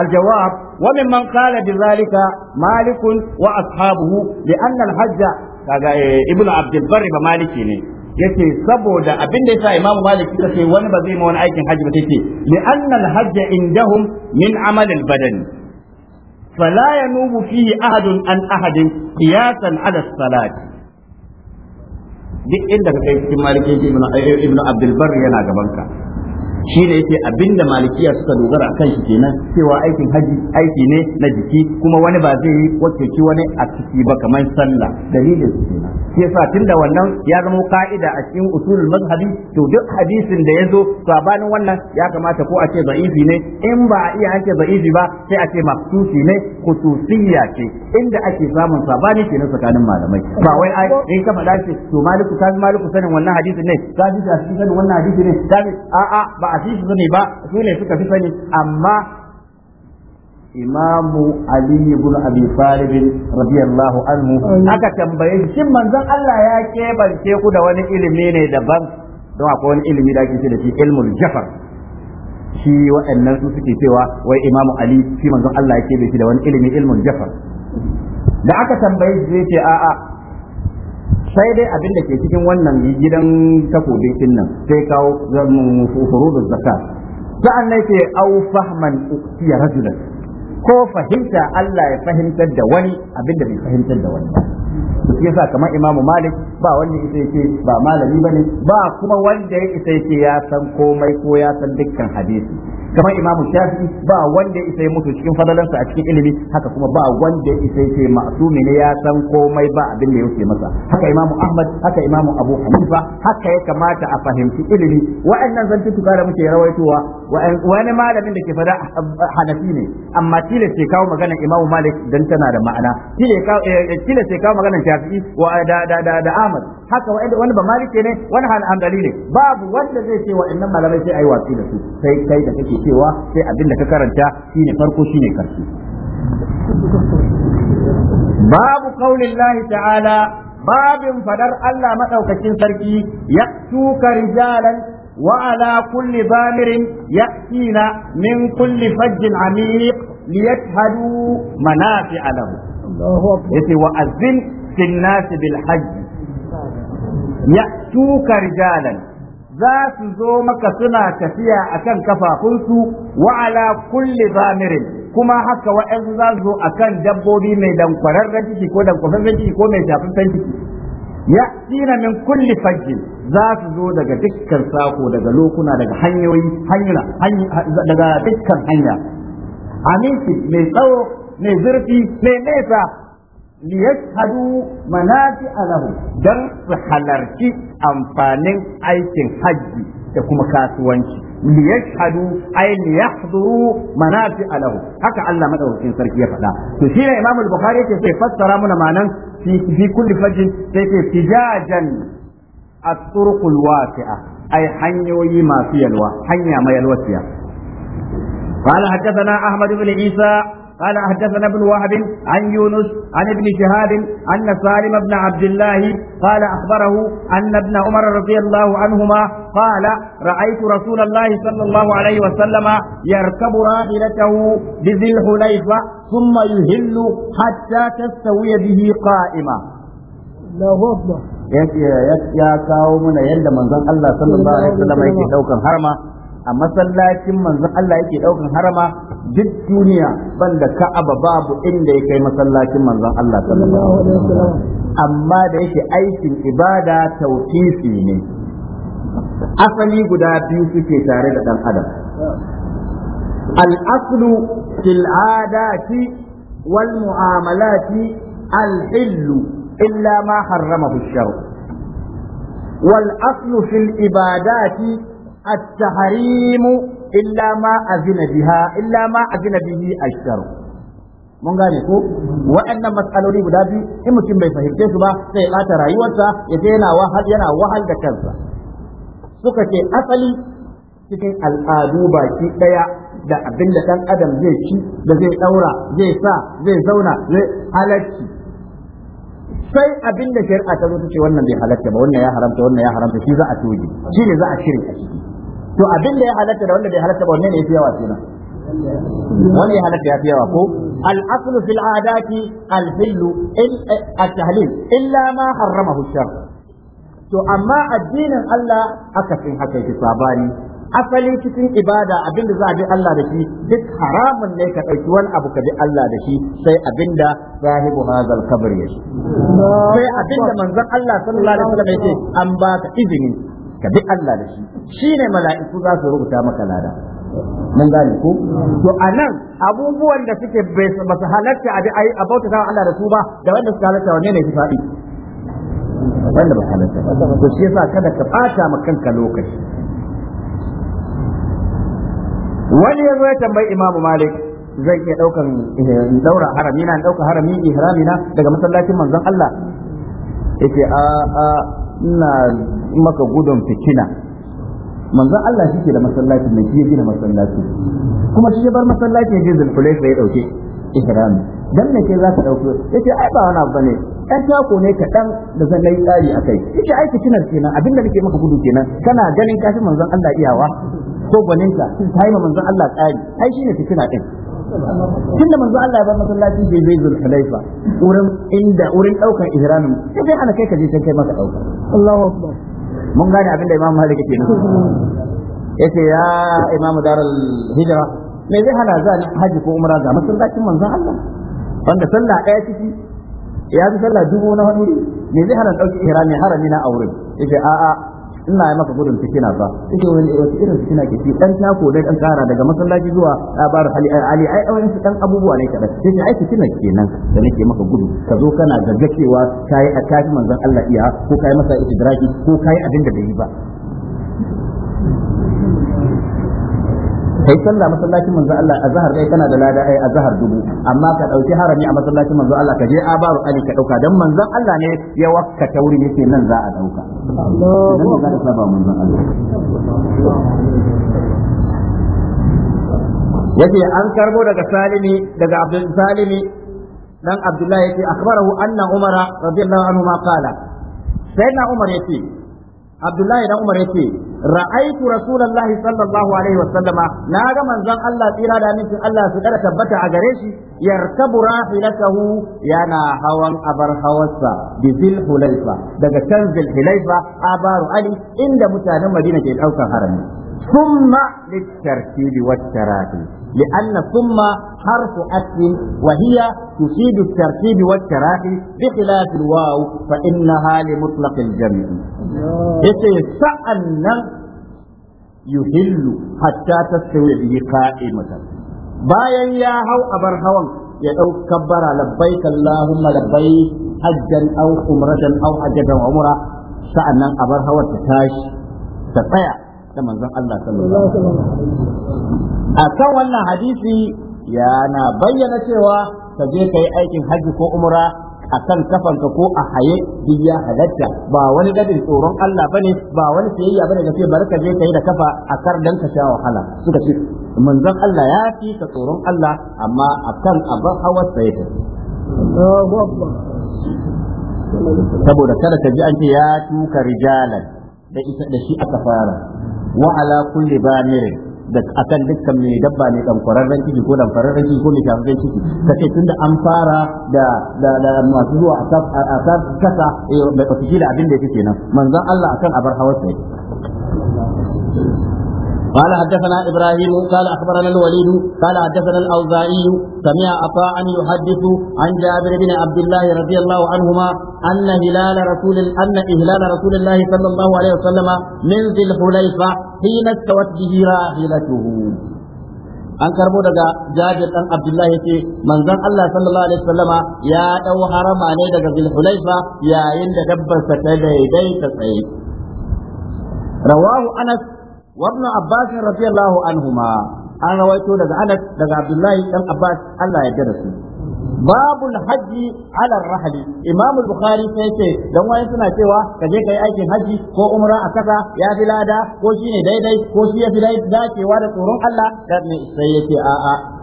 الجواب وممن قال بذلك مالك وأصحابه لأن الحج ابن عبد البر بمالكي yace saboda abin da yasa imamu malik suka ce wani ba zai ma wani aikin hajji ba take li anna al hajj indahum min amal al badani فلا ينوب فيه أحد عن أحد قياسا على الصلاة duk inda ka kai cikin maliki ibn abdul bar yana gabanka shi ne yake abinda malikiya suka dogara a kan shi kenan cewa aikin haji aiki ne na jiki kuma wani ba zai yi wakilci wani a ciki ba kamar sallah dalilin su kenan shi yasa tunda wannan ya zama ka'ida a cikin usulul mazhabi to duk hadisin da ya zo sabanin wannan ya kamata ko a ce za'ifi ne in ba a iya ake za'ifi ba sai a ce maksusi ne khususiyya ce inda ake samun sabani kenan tsakanin malamai ba wai ai in ka faɗa ce to maliku ka maliku sanin wannan hadisin ne ka ji sanin wannan hadisin ne Ta a a ba a fi su sani ba su ne suka fi sani amma imamu ali ibn abi talib radiyallahu anhu aka tambaye shi shin manzan Allah ya kebance ku da wani ilimi ne daban don akwai wani ilimi da ake ce da shi ilmul jafar shi waɗannan su suke cewa wai imamu ali shi manzon Allah ya kebe shi da wani ilimi ilmul jafar da aka tambaye shi zai ce a'a sai dai abin da ke cikin wannan gidan takobin kin nan sai kawo um, da zakat sa'an nan ke au fahman uksiya rajulan ko fahimta Allah ya fahimtar da wani abin da bai fahimtar da wani ba shi yasa kamar Imam Malik ba wanda isa yake ba malami bane ba kuma wanda ya isa yake ya san komai ko ya san dukkan hadisi kamar Imam Shafi ba wanda isa ya mutu cikin fadalansa a cikin ilimi haka kuma ba wanda isa ya yake ma'sumi ne ya san komai ba abin da yake masa haka Imam Ahmad haka Imam Abu Hanifa haka ya kamata a fahimci ilimi wa'annan tuka da muke rawaitowa wani malamin da ke fada Hanafi ne amma kila sai kawo magana Imam Malik dan tana da ma'ana kila eh, eh, kila sai kawo magana Shafi'i wa eh, da da da, da Ahmad haka wanda wani ba Malik ne wani Hanbali ne babu wanda zai ce innan malamai sai ayi watsi da su sai kai da kake cewa sai abin da ka karanta shine farko shine karshe babu qaulin ta'ala babin fadar Allah madaukakin sarki ya tuka rijalan وعلى kulli bamirin يأتينا min kulli فج عميق liyashhadu manafi'a lahu yace wa azin fil nas bil hajj ya'tuka rijalan za su zo maka suna tafiya akan kafafunsu wa ala kulli kuma haka wa'ansu za su zo akan dabbobi mai dankwararren ciki ko dankwararren ciki ko mai shafaffen ciki ya tsina min kulli fajjin za su zo daga dukkan sako daga lokuna daga hanyoyi daga dukkan hanya aminci mai tsawo mai zurfi mai nesa liyashhadu manati alahu dan su halarci amfanin aikin hajji da kuma kasuwanci liyashhadu ay liyahduru manati alahu haka Allah madaukakin sarki ya faɗa to shi ne Imam Bukhari yake sai fassara mana manan fi kulli fajin sai ke tijajan at turuqul wasia ay hanyoyi masu yalwa hanya mai قال حدثنا أحمد بن عيسى قال حدثنا ابن وهب عن يونس عن ابن شهاب أن سالم بن عبد الله قال أخبره أن ابن عمر رضي الله عنهما قال رأيت رسول الله صلى الله عليه وسلم يركب راحلته بذي الحليفة ثم يهل حتى تستوي به قائمة الله أكبر ya kawo mana yadda manzon Allah sallallahu alaihi wasallam yake daukan harma a masallacin manzon Allah yake daukan harama duk duniya banda Ka'aba babu inda ya kai masallacin manzon Allah sallallahu alaihi amma da yake aikin ibada tawqifi ne asali guda biyu suke tare da dan adam الأصل في العادات والمعاملات الحل إلا ما حرمه الشرع wal في العبادات التحريم إلا ما أذن بها إلا ما أذن به mun gane ko waɗannan matsaloli guda biyu in mutum bai fahimce su ba sai ya ɓata rayuwarsa ya je yana wahal yana wahal da kansa suka ce asali cikin al'adu baki ɗaya da abin da ɗan adam zai ci da zai ɗaura zai sa zai zauna zai halarci sai abin da shari'a ta zo ta ce wannan bai halatta ba wannan ya haramta wannan ya haramta shi za a toje shi ne za a shirin a ciki to abin da ya halatta da wanda bai halatta ba wannan ne ya yafi yawa kenan wannan ya halatta yafi yawa ko al-aslu fil adati al-hillu eh, at-tahlil illa ma harramahu shar to amma addinin Allah akasin haka yake sabani asali cikin ibada abinda za a bi Allah da shi duk haramun ne ka ɗauki wani abu ka bi Allah da shi sai abinda sahibu hazal kabri ya shi sai abinda manzon Allah sallallahu alaihi wasallam ya ce an ba ka izini ka bi Allah da shi shine mala'iku za su rubuta maka lada mun gane ku. to anan abubuwan da suke ba su halatta a ai a bauta Allah da su ba da wanda suka halatta wanne ne su faɗi wanda ba halatta ba to shi yasa kada ka ɓata ma kanka lokaci wani ya zo ya tambayi imamu malik zai iya daukan daura eh, harami na dauka harami ihrami na daga masallacin manzon Allah yace a a ina maka gudun fitina manzon Allah shi ke da masallacin ne shi ya da masallacin kuma shi ya bar masallacin ya je zulfulaifa ya dauke ihrami dan me ke za ka dauke yace ai ba wani abu bane ɗan tako ne kaɗan da zan yi tsari akai. kai yace ai fitinar kenan abinda nake maka gudu kenan kana ganin kafin manzon Allah iyawa ko gwaninta ta yi ma manzon Allah tsari ai shine fitina din tunda manzo Allah ya bar masallaci sai bai zul hulaifa wurin inda wurin daukar ihramin sai dai ana kai ka je sai kai maka dauka Allahu akbar mun gane abinda Imam Malik yake nufi yace ya Imam Darul Hijra me zai hana zan haji ko umra ga masallacin manzo Allah wanda sallah daya ciki ya fi sallah dubu na wani me zai hana dauki ihrami harami na aure yace a'a ina yi maka gudun fitina ba yake wani wata irin fitina ke ci dan tako dai dan kara daga masallaci zuwa labarin ali ali ai ai dan abubuwa ne kadan ka aiki fitina kenan da nake maka gudu ka zo kana gaggacewa kai a kafi manzon Allah iya ko kai masa istidraki ko kai abin da bai yi ba kai sallah masallacin manzo Allah a zahar kai kana da lada ai zahar dubu amma ka dauki harami a masallacin manzo Allah ka je a abaru ali ka dauka dan manzon Allah ne ya wakka ta taurin yake nan za a dauka Allahu akbar manzon Allah yake an karbo daga salimi daga abdul salimi dan abdullahi yake akhbarahu anna umara radiyallahu anhu ma qala sayyidina umar yake abdullahi dan umar yake ra'aitu rasulullahi sallallahu alaihi wasallama na ga manzon Allah tsira da miki Allah su kada tabbata a gare shi yarkabu rahilatahu yana hawan abar hawarsa bi zil hulaifa daga kan zil hulaifa abaru ali inda mutanen Madina ke daukar harami thumma litartibi wat tarafi لأن ثم حرف أسل وهي تفيد الترتيب والتراخي بخلاف الواو فإنها لمطلق الجمع سأن يهل حتى تستوي به قائمة bayan ya hau abar hawan ya ɗauka kabbara labbaik Allahumma labbaik hajjan aw umratan aw hajjatan umra sa'annan abar hawan ta tashi ta tsaya da manzon Allah akan wannan hadisi yana bayyana cewa ka je ka yi aikin hajji ko umra a kan kafanka ko a haye duk ya halatta ba wani gadin tsoron Allah bane ba wani siyayya bane da ce bari ka je ka yi da kafa a kar dan ka sha wahala suka ce manzon Allah ya fi ka tsoron Allah amma kan abin hawar sai ta saboda kada ka ji an ce ya tuka rijalan da isa da shi aka fara wa ala kulli bamirin da akan dukkan mai dabba ne dan kwararren ciki ko dan fararren ciki ko mai shafafen ciki kace tunda an fara da da da masu zuwa a sab kasa bai eh, ba su abin da yake kenan manzon Allah akan abar hawa sai قال حدثنا ابراهيم قال اخبرنا الوليد قال حدثنا الاوزاعي سمع عطاء يحدث عن جابر بن عبد الله رضي الله عنهما ان هلال رسول ان اهلال رسول الله صلى الله عليه وسلم من ذي الحليفه حين استوت به راحلته an karbo daga jabir dan abdullahi yace manzon Allah sallallahu alaihi wasallama ya dau harama ne daga zulhulaifa yayin da dabbar sa ta daidaita tsaye rawahu anas وابن عباس رضي الله عنهما أنا رويته لك أنس لك عبد الله بن عباس الله يدرسه باب الحج على الرحل امام البخاري sai dan wani suna cewa ka je kai aikin haji ko umra a saka, ya fi lada ko ne daidai ko shi ya fi dacewa da tsoron Allah sai yace a'a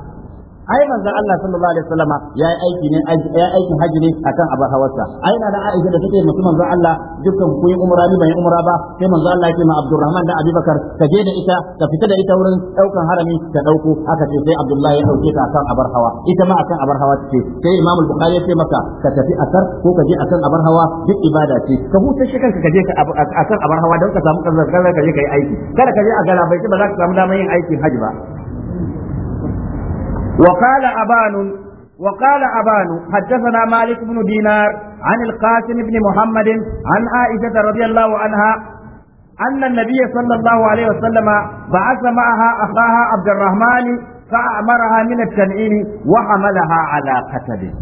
ai manzon Allah sallallahu alaihi wasallama ya yi aiki ne ya aiki haji ne akan abar hawarsa ai na da Aisha da take musu manzon Allah dukkan ku yi umra ni bai umra ba sai manzon Allah yake ma Abdurrahman da Abubakar ka je da ita ka fita da ita wurin daukan harami ka dauko aka ce sai Abdullahi ya dauke ta akan abar hawa ita ma akan abar hawa ce sai Imam Bukhari ya ce maka ka tafi asar ko ka je akan abar hawa duk ibada ce ka huta shi kanka ka je akan abar hawa don ka samu kanzar ka je ka yi aiki kada ka je a galabaiti ba za ka samu damar yin aikin haji ba وقال أبان وقال أبان حدثنا مالك بن دينار عن القاسم بن محمد عن عائشة رضي الله عنها أن النبي صلى الله عليه وسلم بعث معها أخاها عبد الرحمن فأمرها من التنعيم وحملها على قتل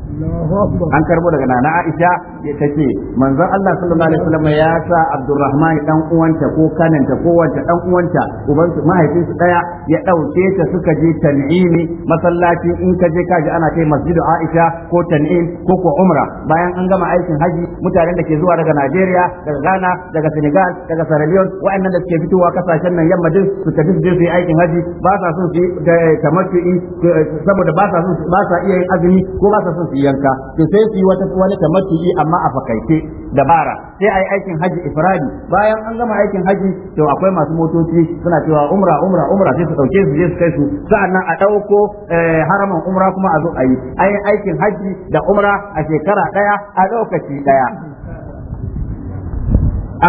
an karbo daga nana Aisha ya tace manzon Allah sallallahu alaihi wasallam ya sa Abdulrahman dan uwanta ko kananta ko wanta dan uwanta uban su mahaifinsu daya ya dauke ta suka je tan'imi masallaci in ka je kaji ana kai masjidu Aisha ko tan'im ko ko umra bayan an gama aikin haji mutanen da ke zuwa daga Najeriya daga Ghana daga Senegal daga Sierra Leone wa'annan da suke fitowa kasashen nan yamma din su tafi su je su yi aikin haji ba sa son su yi in eh, saboda ba sa son ba sa iya yin azumi ko ba sa son su yanka to sai su yi wata wani tamattu'i amma a fakaice dabara sai ai aikin haji ifradi bayan an gama aikin haji to akwai masu motoci suna cewa umra umra umra sai su dauke su je su kai su sa'annan a dauko eh, haraman umra kuma a zo a yi ai aikin haji da umra a shekara daya a lokaci daya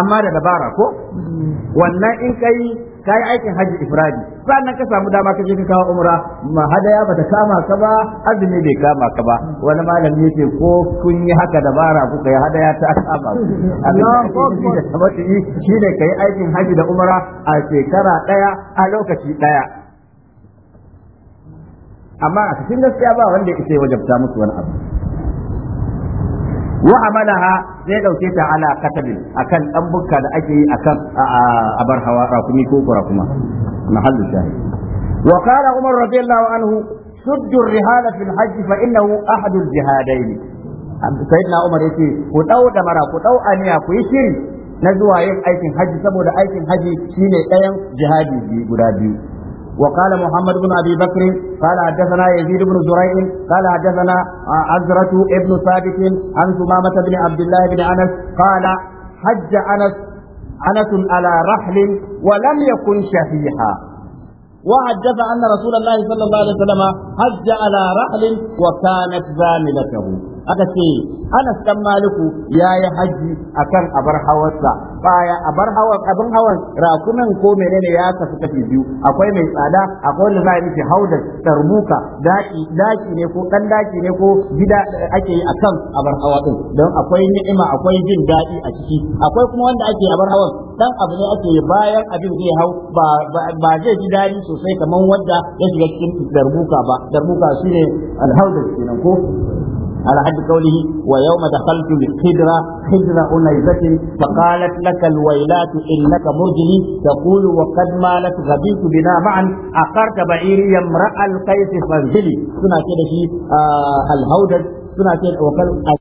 amma da dabara ko wannan in kai ka yi aikin hajji ifradi sannan ka samu dama ka je ka kawo umra ma hadaya bata kama ka ba azumi bai kama ka ba wani malami yace ko kun yi haka dabara kuka yi hadaya ta kama ku Allah ko ku da shi shine kai aikin hajji da umra a shekara daya a lokaci daya amma a cikin gaskiya ba wanda ya wajabta musu wani abu wa manaha zai dauke ta ala katabin akan ɗan bukka da ake yi akan abar hawa rakumi ko kurakuma mahallu shahid wa qala umar radiyallahu anhu suddu rihala fil hajj fa innahu ahadu al jihadain sayyidina umar yace ku dau da mara ku dau aniya ku yi shiri na zuwa yin aikin haji saboda aikin haji shine ɗayan jihadi guda biyu وقال محمد بن أبي بكر قال حدثنا يزيد بن زريع قال حدثنا عزرة ابن ثابت عن ثمامة بن عبد الله بن أنس قال حج أنس أنس على رحل ولم يكن شفيحا وحدث أن رسول الله صلى الله عليه وسلم حج على رحل وكانت زاملته aka ce Anas dan Maliku ya yi haji akan abar hawarsa baya abar hawar abin hawan rakunan ko menene ya tafi tafi biyu akwai mai tsada akwai wanda za a miki haudar tarbuka daki daki ne ko kan daki ne ko gida ake yi akan abar hawa din don akwai ni'ima akwai jin daɗi a ciki akwai kuma wanda ake abar hawan dan abu ne ake bayan abin zai hau ba ba zai ji daɗi sosai kamar wanda ya shiga cikin darbuka ba darbuka shine alhaudar kenan ko على حد قوله ويوم دخلت الخدرة خدرة أنيزة فقالت لك الويلات إنك مرجلي تقول وقد مالت غبيت بنا معا أقرت بعيري امرأ القيس فانزلي سنة كده شيء آه الهودج suna ce wa kal